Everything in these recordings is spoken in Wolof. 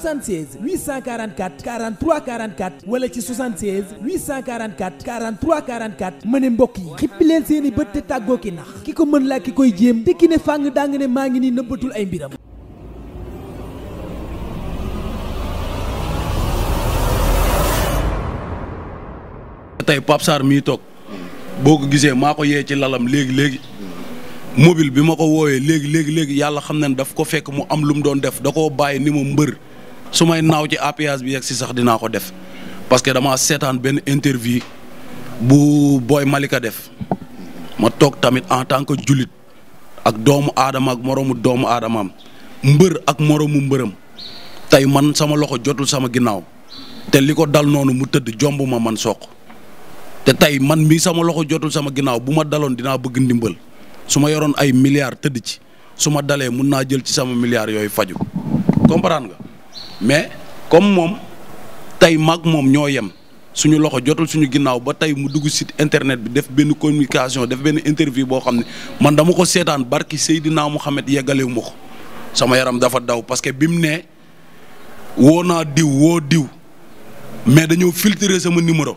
76 844 43 44 wala ci 76 844 43 44 ma ne mbokk yi xippi leen seeni bët te tàggoo ki nax ki ko mën laa koy jéem te ki ne fàng daa nga ne maa ngi ay mbiram. tey Pape mi mii toog boo ko gisee maa ko yee ci lalam léegi léegi. mobile bi ma ko wooyee léegi léegi léegi yàlla xam na ne daf ko fekk mu am lu mu doon def da koo bàyyi ni ma mbër. su may naaw ci appuyage bi yegg si sax dinaa ko def parce que dama seetaan benn interview bu Boy Malika def ma toog tamit en tant que jullit ak doomu aadama ak moroomu doomu aadamaam mbër ak moroomu mbërëm tey man sama loxo jotul sama ginnaaw te li ko dal noonu mu tëdd jomb ma man soq te tey man mii sama loxo jotul sama ginnaaw bu ma daloon dinaa bëgg ndimbal su ma yoroon ay milliards tëdd ci su ma dalee mun naa jël ci sama milliards yooyu faju comprendre nga mais comme moom tey mag moom ñoo yem suñu loxo jotul suñu ginnaaw ba tey mu dugg site internet bi def benn communication def benn interview boo xam ne man dama ko seetaan barki Seydina Mouhamed yeggalewu ma ko sama yaram dafa daw parce que bi mu nee woo naa diw woo diw mais dañoo filtrer sama numéro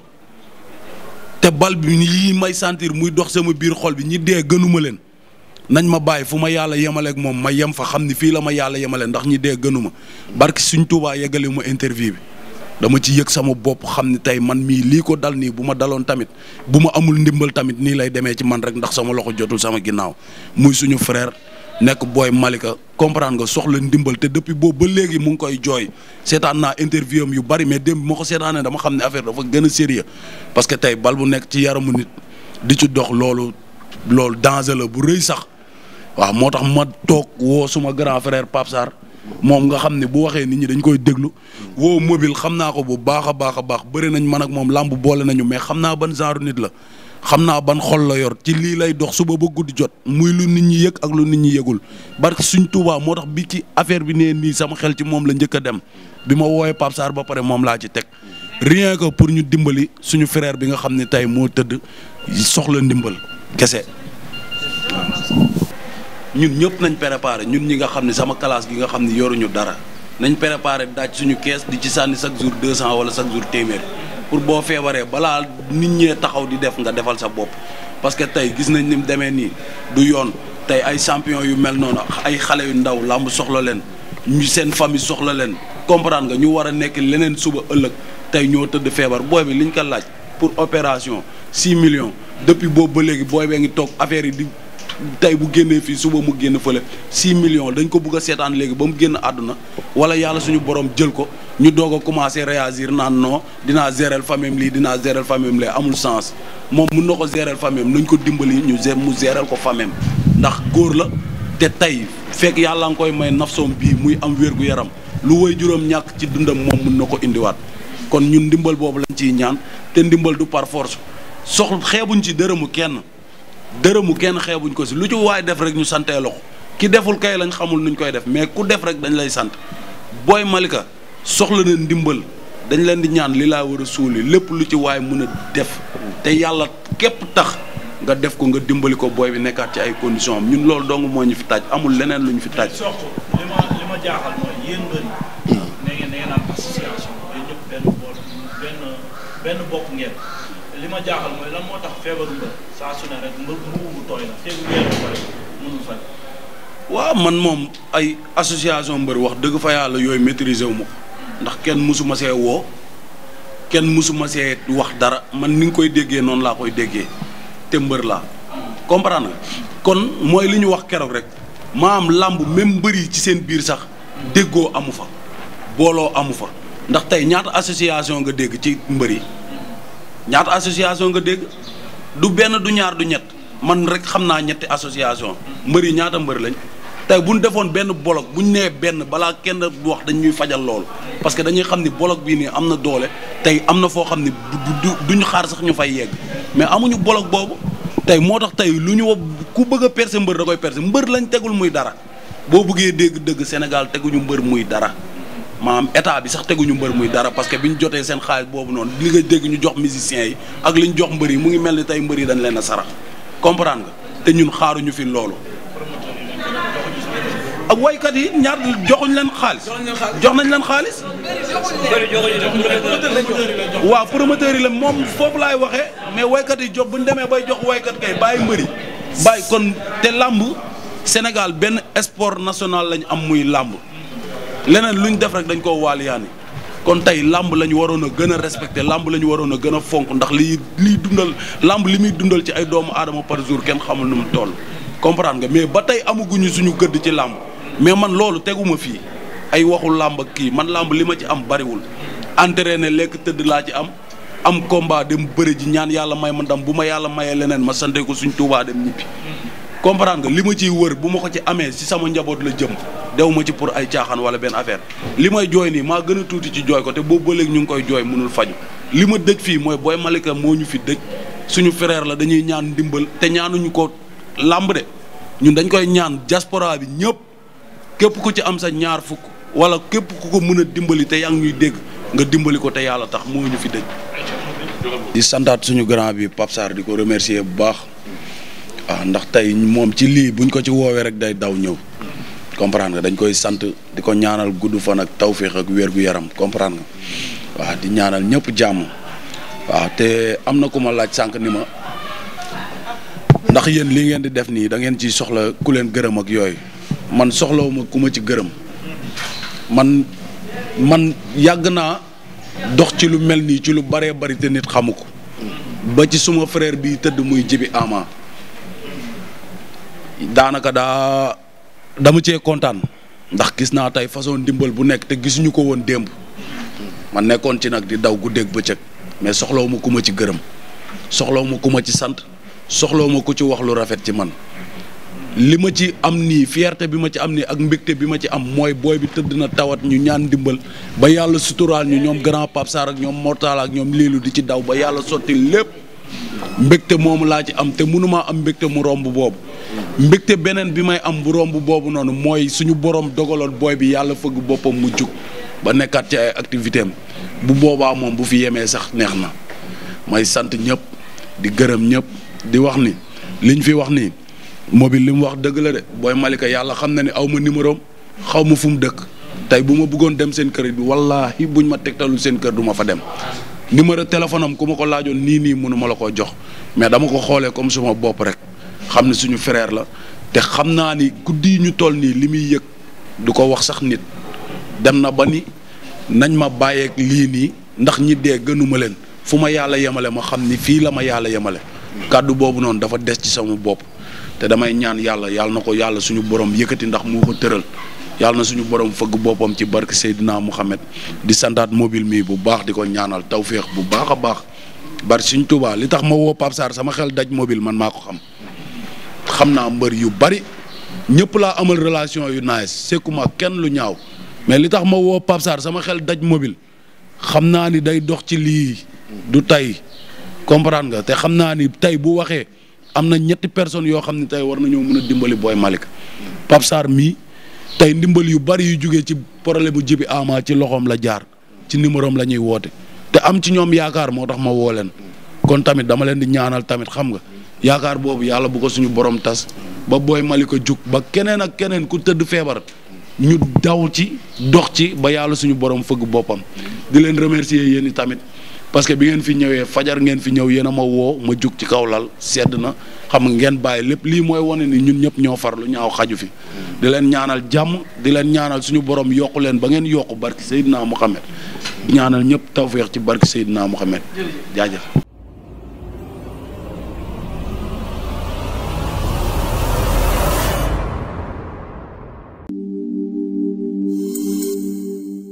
te bal bi yii may sentir muy dox sama biir xol bi ñi dee gënuma leen. nañ ma bàyyi fu ma yàlla yemaleeg moom ma yem fa xam ni fii la ma yàlla yemale ndax ñi dee gënu ma barki suñ Tuubaa yeggale ma interview bi dama ci yëg sama bopp xam ni tey man mii lii ko dal nii bu ma daloon tamit bu ma amul ndimbal tamit nii lay demee ci man rek ndax sama loxo jotul sama ginnaaw muy suñu frère nekk booy Malika comprendre nga soxla ndimbal te depuis boobu ba léegi mu ngi koy jooy seetaan naa interview yu bari mais démb ma ko seetaanee dama xam ne affaire dafa gën a sérieux parce que tey bal bu nekk ci yaramu nit di ci dox loolu loolu danger la bu rëy sax. waaw moo tax ma toog woo suma grand frère Pape moom nga xam ne bu waxee nit ñi dañ koy déglu woo mobile xam naa ko bu baax a baax a baax bëri nañ man ak moom làmb boole nañu mais xam naa ban genre nit la xam naa ban xol la yor ci lii lay dox suba ba guddi jot muy lu nit ñi yëg ak lu nit ñi yëgul barki suñ Tuubaa moo tax bi ci affaire bi nee nii sama xel ci moom la njëkk a dem bi ma wooyee Pape ba pare moom laa ci teg rien que pour ñu dimbali suñu frère bi nga xam ne tey moo tëdd soxla ndimbal kese. ñun ñëpp nañ préparé ñun ñi nga xam ne sama classe gi nga xam ne yoruñu dara nañ préparé daj suñu kees di ci sànni chaque jour 200 wala chaque jour téeméer pour boo feebaree balaa nit ñee taxaw di def nga defal sa bopp. parce que tey gis nañ ni mu demee nii du yoon tey ay champion yu mel noonu ay xale yu ndaw làmb soxla leen ñu seen famille soxla leen comprendre nga ñu war a nekk leneen suba ëllëg tey ñoo tëdd feebar booy bi liñ ko laaj pour opération 6 millions depuis boobu ba léegi booy bee ngi toog affaire yi di. tey bu génnee fii suba mu génn fële 6 millions dañ ko bugg a seetaan léegi ba mu génn àdduna wala yàlla suñu borom jël ko ñu doog a commencé réagir naan non dinaa gérer famille lii dinaa gérer famille lay amul sens moom mun na ko gérer famille nañ ko dimbali ñu gérer mu gérer ko famille ndax góor la te tey fekk yàlla nga koy may nafsoom bii muy am wér-gu-yaram lu woy juróom ñàkk ci dundam moom mun na ko indiwaat kon ñun ndimbal boobu lañ ciy ñaan te ndimbal du par force soxla xeebuñ ci dërëmu kenn. dërëmu kenn xeebuñ ko si lu ci waay def rek ñu santee loxo ki deful kay lañ xamul nuñ koy def mais ku def rek dañ lay sant booy Malika soxla na ndimbal dañ leen di ñaan li laa war a suuli lépp lu ci waay mun a def te yàlla képp tax nga def ko nga dimbali ko booy bi nekkaat ci ay condition am ñun loolu dong moo ñu fi taaj amul leneen lu ñu fi taaj. li ma li ma jaaxal mooy moo tax feebaru mbër waaw man moom ay association mbër wax dëgg fa yàlla yooyu maîtriser wu ma ko ndax kenn mësuma see woo kenn mësuma see wax dara man ni nga koy déggee noonu laa koy déggee te mbër laa comprend kon mooy li ñu wax keroog rek maam làmb même mbër yi ci seen biir sax déggoo amu fa booloo amu fa ndax tey ñaata association nga dégg ci mbër yi ñaata association nga dégg du benn du ñaar du ñett man rek xam naa ñetti association mbër yi ñaata mbër lañ tey bu ñu defoon benn bolog bu ñu nee benn balaa kenn wax dañ ñuy fajal loolu parce que dañuy xam ni bolog bii nii am na doole tey am na foo xam ni duñu xaar sax ñu fay yegg mais amuñu bolog boobu tey moo tax tey lu ñu ku bëgg a percer mbër da koy percer mbër lañ tegul muy dara boo bëggee dégg dëgg Sénégal teguñu mbër muy dara. maanaam état bi sax teguñu mbër muy dara parce que bi ñu jotee seen xaalis boobu noonu li nga dégg ñu jox musiciens yi ak li ñu jox mbër yi mu ngi mel ni tey mbër yi dañ leen a sarax comprendre nga te ñun xaaruñu fi loolu. ak waykat yi ñaar joxuñ leen xaalis. jox nañ leen xaalis. waa promoteurs yi la moom foofu laay waxee mais waykat yi jox bu ñu demee bay jox waykat kay bàyyi mbëri bàyyi kon te làmb Sénégal benn sport national lañ am muy làmb leneen ñu def rek dañ koo waaliyaani kon tey làmb la ñu waroon a gën a respecté làmb la ñu waroon a gën a fonk ndax li liy dundal làmb li muy dundal ci ay doomu aadama par jour kenn xamul nu mu toll comprendre nga mais ba tey amaguñu suñu gëdd ci làmb mais man loolu teguma fii ay waxu làmb kii man làmb li ma ci am bariwul entraîné lekk tëdd laa ci am am combat dem bëri ji ñaan yàlla may ma ndam bu ma yàlla mayee leneen ma sante ko suñ tuubaa dem ñibbi comprendre nga li ma ciy wër bu ma ko ci amee si sama njaboot la jëm dew ma ci pour ay caaxaan wala benn affaire li may jooy nii maa gën tuuti ci jooy ko te boobu ba léegi ñu ngi koy jooy mënul faju li ma dëj fii mooy Boy Malika moo ñu fi dëj suñu fereer la dañuy ñaan ndimbal te ñaanuñu ko làmb de ñun dañ koy ñaan diaspora bi ñëpp képp ku ci am sa ñaar fukk wala képp ku ko mën a dimbali te yaa ngi ñuy dégg nga dimbali ko te yàlla tax moo ñu fi dëj di santaat suñu grand bi Pape Sarr di ko remercier bu waa ah, ndax tey moom ci lii buñ ko ci woowee rek day daw ñëw comprendre nga dañ koy sant di ko ñaanal gudd fan ak tawféex ak wér gu yaram comprendre nga waaw di ñaanal ñëpp jàmm waaw te am na ku ma laaj sànq ni ma ndax yéen li ngeen di def nii da ngeen ci soxla ku leen gërëm ak yooyu man soxlawuma ku ma ci gërëm man man yàgg naa dox ci lu mel nii ci lu baree bari te nit xamu ko ba ci suma frère bi tëdd muy jibi ama daanaka daa dama cee kontaan ndax gis naa tey façon ndimbal bu nekk te gisuñu ko woon démb ma nekkoon ci nag di daw guddeeg bëccëg mais soxlawu ma ku ma ci gërëm soxla ma ku ma ci sant soxlawu ma ku ci wax lu rafet ci man li ma ci am nii fierte bi ma ci am nii ak mbégte bi ma ci am mooy booy bi tëdd na tawat ñu ñaan ndimbal ba yàlla suturaal ñu ñoom grand Pape saar ak ñoom Mortal ak ñoom Lilou di ci daw ba yàlla sotti lépp. mbégte moomu laa ci am te mënumaa am mbégte mu romb boobu mbégte beneen bi may am bu romb boobu noonu mooy suñu boroom dogaloon booy bi yàlla fëgg boppam mu jug ba nekkaat ci ay activité am bu boobaa moom bu fi yemee sax neex na may sant ñëpp di gërëm ñëpp di wax ni liñ fi wax nii mobile li mu wax dëgg la de booy Malika yàlla xam na ne aw ma numéro xaw ma fu mu dëkk tey bu ma buggoon dem seen kër bi wallaahi buñ ma tegtalul seen kër du ma fa dem numéro téléphone am ku ma ko laajoon nii nii mënuma la koo jox mais dama ko xoolee comme suma bopp rek xam ne suñu fereer la te xam naa ni guddi ñu toll nii li muy yëg du ko wax sax nit dem na ba ni nañ ma bàyyeek lii nii ndax ñi dee gënuma leen fu ma yàlla yemale ma xam ni fii la ma yàlla yemale kàddu boobu noonu dafa des ci sama bopp te damay ñaan yàlla yàlla na ko yàlla suñu borom yëkkati ndax moo ko tëral yàlla na suñu borom fëgg boppam ci barke Seydina Mouhamed di santaat mobile mii bu baax di ko ñaanal tawféex bu baax a baax bari suñ Tuubaa li tax ma woo Pape sama xel daj mobile man maa xam xam naa mbër yu bari ñëpp laa amal relation yu nice sekkuma kenn lu ñaaw mais li tax ma woo Pape sama xel daj mobile xam naa ni day dox ci lii du tey comprendre nga te xam naa ni tey bu waxee am na ñetti personnes yoo xam ne tey war nañoo mën a dimbali booy Malick Pape mii. tey ndimbal yu bari yu jugee ci problème bu jibi ama ci loxoom la jaar ci numéro am la ñuy woote te am ci ñoom yaakaar moo tax ma woo leen kon tamit dama leen di ñaanal tamit xam nga yaakaar boobu yàlla bu ko suñu borom tas ba booy Malika jug ba keneen ak keneen ku tëdd feebar ñu daw ci dox ci ba yàlla suñu borom fëgg boppam di leen remercier yéen i tamit. parce que bi ngeen fi ñëwee fajar ngeen fi ñëw yéen a ma woo ma jug ci kaw lal sedd na xam nga ngeen bàyyi lépp lii mooy wane ni ñun ñëpp ñoo farlu ñaaw xaju fi. di leen ñaanal jàmm di leen ñaanal suñu borom yokk leen ba ngeen yokku barki Seydina Mohamed ñaanal ñëpp tawféex ci barki Seydina Mohamed jaajëf.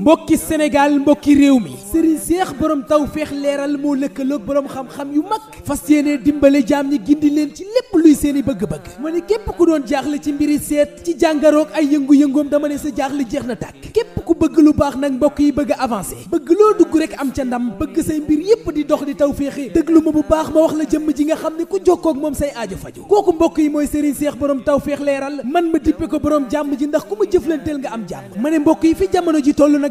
mbokki Sénégal mbokki réew mi sëriñ seex borom tawféex leeral moo lëkkaloog borom xam-xam yu mag fas yéene dimbale jaam ñi gindi leen ci lépp luy seeni bëgg-bëgg ma ne képp ku doon jaaxle ci mbiri seet ci jàngaroog ay yëngu-yëngoom dama ne sa jaaxle jeex na tàkk képp ku bëgg lu baax nag mbokk yi bëgg a bëgg loo dugg rek am ca ndam bëgg say mbir yépp di dox di tawféexe déglu ma bu baax ma wax la jëmm ji nga xam ne ku jokkoo ak moom say aajo faju kooku yi mooy sëriñ seex borom tawféex leeral man ma dippe ko borom jàmm ji ndax ku ma jëflanteel am mbokk yi fi jamono ji tollu